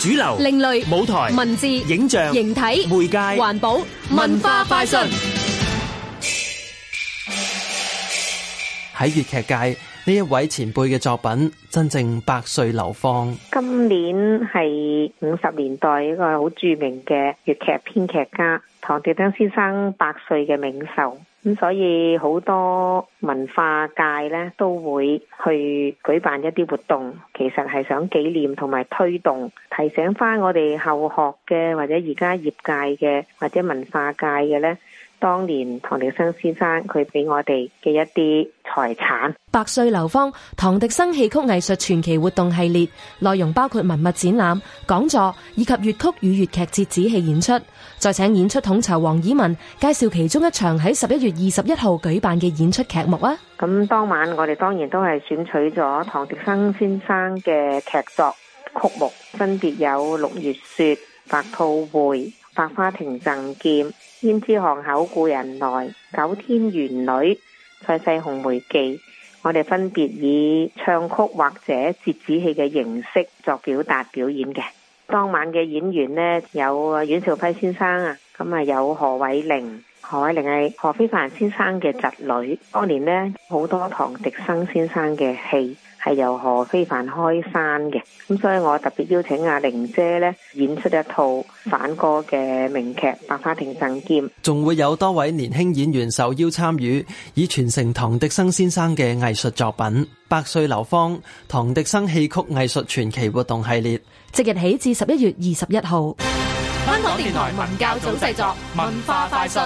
主流、另類舞台、文字、影像、形體、媒介、環保、文化快訊。喺粵劇界呢，一位前輩嘅作品真正百歲流芳。今年係五十年代一個好著名嘅粵劇編劇家唐滌生先生百歲嘅冥壽，咁所以好多文化界呢，都會去舉辦一啲活動，其實係想紀念同埋推動，提醒翻我哋後學嘅或者而家業界嘅或者文化界嘅呢。當年唐滌生先生佢俾我哋嘅一啲財產，百歲流芳唐滌生戲曲藝術傳奇活動系列，內容包括文物展覽、講座以及粵曲與粵劇折子戲演出。再請演出統籌黃綺文介紹其中一場喺十一月二十一號舉辦嘅演出劇目啊！咁當晚我哋當然都係選取咗唐滌生先生嘅劇作曲目，分別有《六月雪》《白兔會》《百花亭贈劍》。.燕之巷口故人來，九天玄女、再世紅梅記，我哋分別以唱曲或者折子戲嘅形式作表達表演嘅。當晚嘅演員呢，有阮兆輝先生啊，咁啊有何偉玲。海玲係何非凡先生嘅侄女，當年咧好多唐滌生先生嘅戲係由何非凡開山嘅，咁所以我特別邀請阿玲姐咧演出一套反歌嘅名劇《百花亭贈劍》，仲會有多位年輕演員受邀參與，以傳承唐滌生先生嘅藝術作品《百歲流芳》唐滌生戲曲藝術傳奇活動系列，即日起至十一月二十一號，香港電台文教組製作文化快訊。